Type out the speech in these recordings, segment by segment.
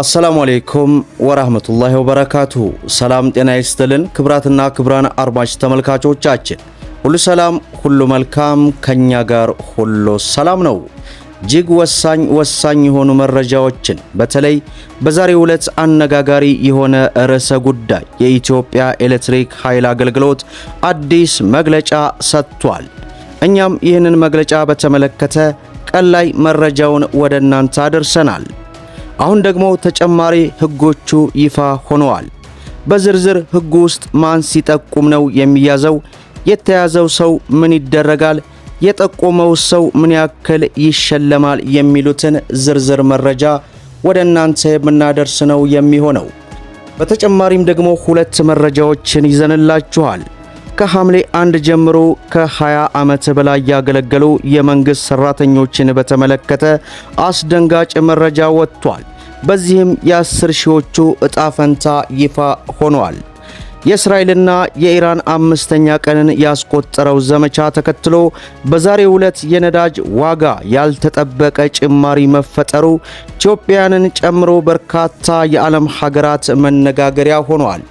አሰላሙ አሌይኩም ወራህመቱላሂ ወበረካቱሁ። ሰላም ጤና ይስጥልን ክብራትና ክብራን አድማጭ ተመልካቾቻችን ሁሉ ሰላም፣ ሁሉ መልካም፣ ከኛ ጋር ሁሉ ሰላም ነው። እጅግ ወሳኝ ወሳኝ የሆኑ መረጃዎችን በተለይ በዛሬው ዕለት አነጋጋሪ የሆነ ርዕሰ ጉዳይ የኢትዮጵያ ኤሌክትሪክ ኃይል አገልግሎት አዲስ መግለጫ ሰጥቷል። እኛም ይህንን መግለጫ በተመለከተ ቀን ላይ መረጃውን ወደ እናንተ አድርሰናል። አሁን ደግሞ ተጨማሪ ሕጎቹ ይፋ ሆነዋል። በዝርዝር ሕጉ ውስጥ ማን ሲጠቁም ነው የሚያዘው? የተያዘው ሰው ምን ይደረጋል? የጠቆመው ሰው ምን ያክል ይሸለማል? የሚሉትን ዝርዝር መረጃ ወደ እናንተ የምናደርስ ነው የሚሆነው። በተጨማሪም ደግሞ ሁለት መረጃዎችን ይዘንላችኋል። ከሐምሌ አንድ ጀምሮ ከ20 ዓመት በላይ ያገለገሉ የመንግሥት ሠራተኞችን በተመለከተ አስደንጋጭ መረጃ ወጥቷል። በዚህም የአስር ሺዎቹ እጣ ፈንታ ይፋ ሆኗል። የእስራኤልና የኢራን አምስተኛ ቀንን ያስቆጠረው ዘመቻ ተከትሎ በዛሬው ዕለት የነዳጅ ዋጋ ያልተጠበቀ ጭማሪ መፈጠሩ ኢትዮጵያንን ጨምሮ በርካታ የዓለም ሀገራት መነጋገሪያ ሆኗል።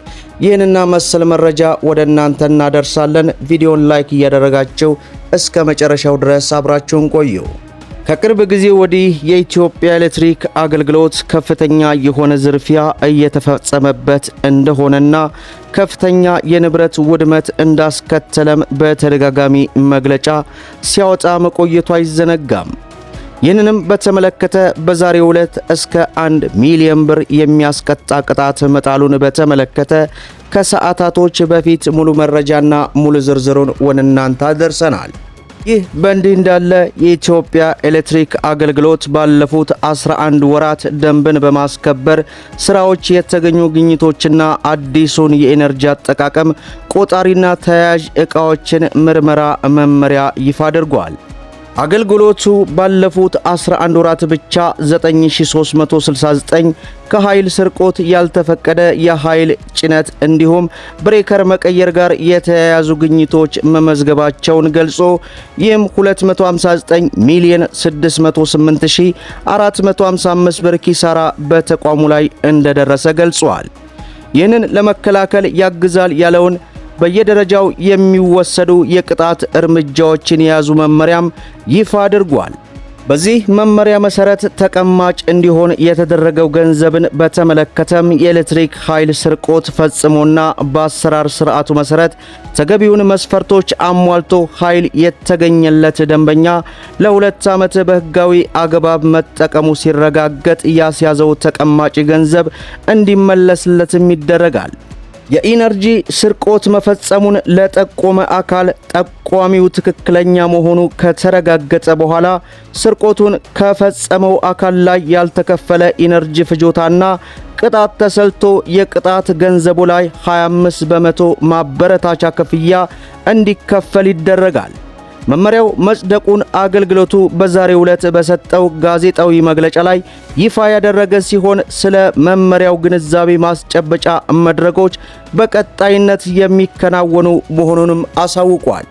ይህንና መሰል መረጃ ወደ እናንተ እናደርሳለን። ቪዲዮን ላይክ እያደረጋችሁ እስከ መጨረሻው ድረስ አብራችሁን ቆዩ። ከቅርብ ጊዜ ወዲህ የኢትዮጵያ ኤሌክትሪክ አገልግሎት ከፍተኛ የሆነ ዝርፊያ እየተፈጸመበት እንደሆነና ከፍተኛ የንብረት ውድመት እንዳስከተለም በተደጋጋሚ መግለጫ ሲያወጣ መቆየቱ አይዘነጋም። ይህንንም በተመለከተ በዛሬው ዕለት እስከ አንድ ሚሊዮን ብር የሚያስቀጣ ቅጣት መጣሉን በተመለከተ ከሰዓታቶች በፊት ሙሉ መረጃና ሙሉ ዝርዝሩን ወደ እናንተ አደርሰናል። ይህ በእንዲህ እንዳለ የኢትዮጵያ ኤሌክትሪክ አገልግሎት ባለፉት 11 ወራት ደንብን በማስከበር ስራዎች የተገኙ ግኝቶችና አዲሱን የኤነርጂ አጠቃቀም ቆጣሪና ተያያዥ ዕቃዎችን ምርመራ መመሪያ ይፋ አድርጓል። አገልግሎቱ ባለፉት 11 ወራት ብቻ 9369 ከኃይል ስርቆት፣ ያልተፈቀደ የኃይል ጭነት እንዲሁም ብሬከር መቀየር ጋር የተያያዙ ግኝቶች መመዝገባቸውን ገልጾ ይህም 259 ሚሊዮን 608455 ብር ኪሳራ በተቋሙ ላይ እንደደረሰ ገልጿል። ይህንን ለመከላከል ያግዛል ያለውን በየደረጃው የሚወሰዱ የቅጣት እርምጃዎችን የያዙ መመሪያም ይፋ አድርጓል። በዚህ መመሪያ መሰረት ተቀማጭ እንዲሆን የተደረገው ገንዘብን በተመለከተም የኤሌክትሪክ ኃይል ስርቆት ፈጽሞና በአሰራር ስርዓቱ መሰረት ተገቢውን መስፈርቶች አሟልቶ ኃይል የተገኘለት ደንበኛ ለሁለት ዓመት በሕጋዊ አግባብ መጠቀሙ ሲረጋገጥ ያስያዘው ተቀማጭ ገንዘብ እንዲመለስለትም ይደረጋል። የኢነርጂ ስርቆት መፈጸሙን ለጠቆመ አካል ጠቋሚው ትክክለኛ መሆኑ ከተረጋገጠ በኋላ ስርቆቱን ከፈጸመው አካል ላይ ያልተከፈለ ኢነርጂ ፍጆታና ቅጣት ተሰልቶ የቅጣት ገንዘቡ ላይ 25 በመቶ ማበረታቻ ክፍያ እንዲከፈል ይደረጋል። መመሪያው መጽደቁን አገልግሎቱ በዛሬው ዕለት በሰጠው ጋዜጣዊ መግለጫ ላይ ይፋ ያደረገ ሲሆን ስለ መመሪያው ግንዛቤ ማስጨበጫ መድረኮች በቀጣይነት የሚከናወኑ መሆኑንም አሳውቋል።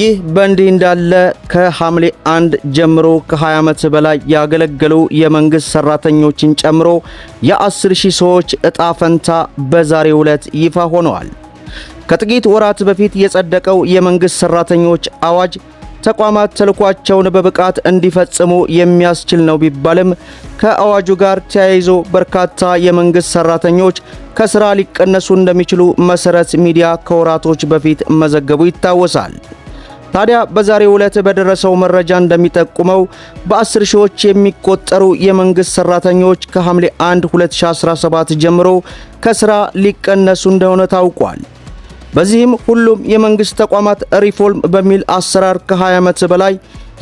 ይህ በእንዲህ እንዳለ ከሐምሌ 1 ጀምሮ ከ20 ዓመት በላይ ያገለገሉ የመንግሥት ሠራተኞችን ጨምሮ የ10 ሺህ ሰዎች ዕጣ ፈንታ በዛሬው ዕለት ይፋ ሆነዋል። ከጥቂት ወራት በፊት የጸደቀው የመንግሥት ሠራተኞች አዋጅ ተቋማት ተልኳቸውን በብቃት እንዲፈጽሙ የሚያስችል ነው ቢባልም ከአዋጁ ጋር ተያይዞ በርካታ የመንግሥት ሠራተኞች ከሥራ ሊቀነሱ እንደሚችሉ መሠረት ሚዲያ ከወራቶች በፊት መዘገቡ ይታወሳል። ታዲያ በዛሬው ዕለት በደረሰው መረጃ እንደሚጠቁመው በ10 ሺዎች የሚቆጠሩ የመንግሥት ሠራተኞች ከሐምሌ 1 2017 ጀምሮ ከሥራ ሊቀነሱ እንደሆነ ታውቋል። በዚህም ሁሉም የመንግስት ተቋማት ሪፎርም በሚል አሰራር ከ20 ዓመት በላይ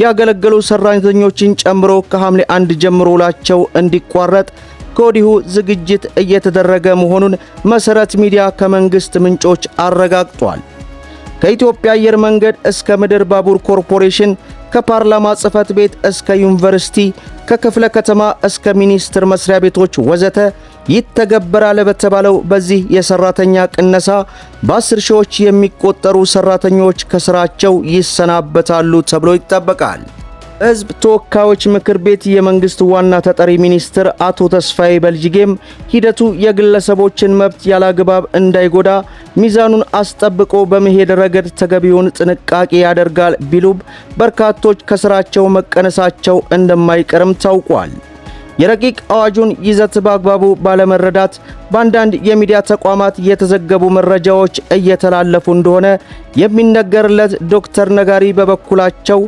ያገለገሉ ሰራተኞችን ጨምሮ ከሐምሌ አንድ ጀምሮ ውላቸው እንዲቋረጥ ከወዲሁ ዝግጅት እየተደረገ መሆኑን መሠረት ሚዲያ ከመንግስት ምንጮች አረጋግጧል። ከኢትዮጵያ አየር መንገድ እስከ ምድር ባቡር ኮርፖሬሽን፣ ከፓርላማ ጽህፈት ቤት እስከ ዩኒቨርሲቲ፣ ከክፍለ ከተማ እስከ ሚኒስቴር መስሪያ ቤቶች ወዘተ ይተገበራል በተባለው በዚህ የሰራተኛ ቅነሳ በአስር ሺዎች የሚቆጠሩ ሰራተኞች ከስራቸው ይሰናበታሉ ተብሎ ይጠበቃል። ሕዝብ ተወካዮች ምክር ቤት የመንግስት ዋና ተጠሪ ሚኒስትር አቶ ተስፋዬ በልጅጌም ሂደቱ የግለሰቦችን መብት ያላግባብ እንዳይጎዳ ሚዛኑን አስጠብቆ በመሄድ ረገድ ተገቢውን ጥንቃቄ ያደርጋል ቢሉም በርካቶች ከስራቸው መቀነሳቸው እንደማይቀርም ታውቋል። የረቂቅ አዋጁን ይዘት በአግባቡ ባለመረዳት በአንዳንድ የሚዲያ ተቋማት የተዘገቡ መረጃዎች እየተላለፉ እንደሆነ የሚነገርለት ዶክተር ነጋሪ በበኩላቸው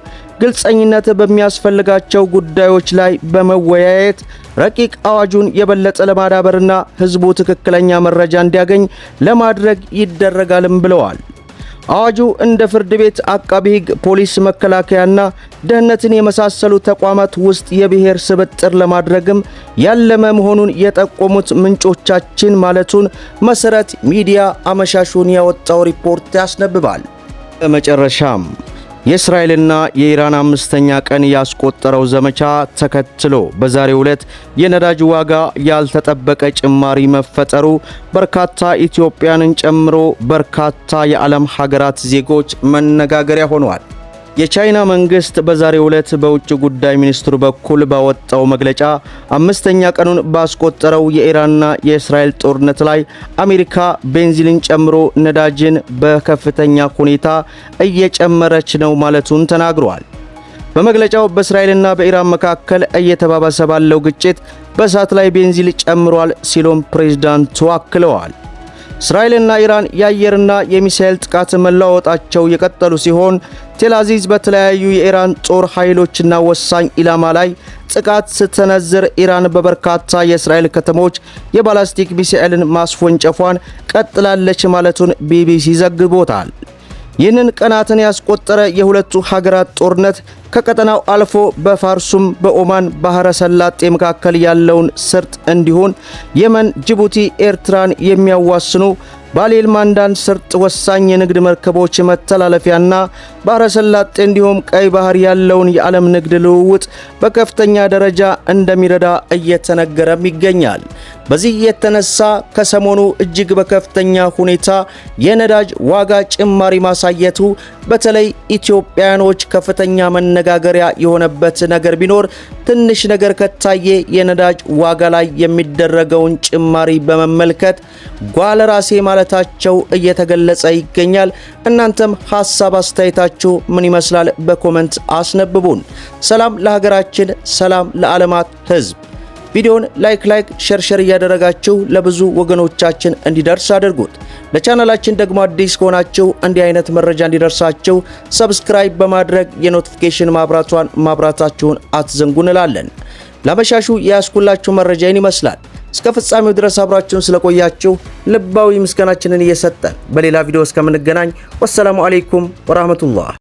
ግልጸኝነት በሚያስፈልጋቸው ጉዳዮች ላይ በመወያየት ረቂቅ አዋጁን የበለጠ ለማዳበርና ሕዝቡ ትክክለኛ መረጃ እንዲያገኝ ለማድረግ ይደረጋልም ብለዋል። አዋጁ እንደ ፍርድ ቤት፣ አቃቢ ሕግ፣ ፖሊስ፣ መከላከያና ደህንነትን የመሳሰሉ ተቋማት ውስጥ የብሔር ስብጥር ለማድረግም ያለመ መሆኑን የጠቆሙት ምንጮቻችን ማለቱን መሰረት ሚዲያ አመሻሹን ያወጣው ሪፖርት ያስነብባል። በመጨረሻም የእስራኤልና የኢራን አምስተኛ ቀን ያስቆጠረው ዘመቻ ተከትሎ በዛሬው ዕለት የነዳጅ ዋጋ ያልተጠበቀ ጭማሪ መፈጠሩ በርካታ ኢትዮጵያንን ጨምሮ በርካታ የዓለም ሀገራት ዜጎች መነጋገሪያ ሆነዋል። የቻይና መንግስት በዛሬው ዕለት በውጭ ጉዳይ ሚኒስትሩ በኩል ባወጣው መግለጫ አምስተኛ ቀኑን ባስቆጠረው የኢራንና የእስራኤል ጦርነት ላይ አሜሪካ ቤንዚንን ጨምሮ ነዳጅን በከፍተኛ ሁኔታ እየጨመረች ነው ማለቱን ተናግሯል። በመግለጫው በእስራኤልና በኢራን መካከል እየተባባሰ ባለው ግጭት በእሳት ላይ ቤንዚን ጨምሯል ሲሉም ፕሬዝዳንቱ አክለዋል። እስራኤልና ኢራን የአየርና የሚሳኤል ጥቃት መለዋወጣቸው የቀጠሉ ሲሆን ቴላዚዝ በተለያዩ የኢራን ጦር ኃይሎችና ወሳኝ ኢላማ ላይ ጥቃት ስትሰነዝር ኢራን በበርካታ የእስራኤል ከተሞች የባላስቲክ ሚሳኤልን ማስፎንጨፏን ቀጥላለች ማለቱን ቢቢሲ ዘግቦታል። ይህንን ቀናትን ያስቆጠረ የሁለቱ ሀገራት ጦርነት ከቀጠናው አልፎ በፋርሱም በኦማን ባህረ ሰላጤ መካከል ያለውን ስርጥ እንዲሆን የመን፣ ጅቡቲ፣ ኤርትራን የሚያዋስኑ ባሌል ማንዳን ስርጥ ወሳኝ የንግድ መርከቦች መተላለፊያና ባህረ ሰላጤ እንዲሁም ቀይ ባህር ያለውን የዓለም ንግድ ልውውጥ በከፍተኛ ደረጃ እንደሚረዳ እየተነገረም ይገኛል። በዚህ የተነሳ ከሰሞኑ እጅግ በከፍተኛ ሁኔታ የነዳጅ ዋጋ ጭማሪ ማሳየቱ በተለይ ኢትዮጵያውያኖች ከፍተኛ መነጋገሪያ የሆነበት ነገር ቢኖር ትንሽ ነገር ከታየ የነዳጅ ዋጋ ላይ የሚደረገውን ጭማሪ በመመልከት ጓለ ራሴ ማለታቸው እየተገለጸ ይገኛል። እናንተም ሀሳብ አስተያየታችሁ ምን ይመስላል? በኮመንት አስነብቡን። ሰላም ለሀገራችን፣ ሰላም ለዓለማት ሕዝብ ቪዲዮውን ላይክ ላይክ ሸርሸር እያደረጋችሁ ለብዙ ወገኖቻችን እንዲደርስ አድርጉት። ለቻናላችን ደግሞ አዲስ ከሆናችሁ እንዲህ አይነት መረጃ እንዲደርሳችሁ ሰብስክራይብ በማድረግ የኖቲፊኬሽን ማብራቷን ማብራታችሁን አትዘንጉ እንላለን። ለመሻሹ የያዝኩላችሁ መረጃን ይመስላል። እስከ ፍጻሜው ድረስ አብራችሁን ስለቆያችሁ ልባዊ ምስጋናችንን እየሰጠን በሌላ ቪዲዮ እስከምንገናኝ ወሰላሙ አሌይኩም ወራህመቱላህ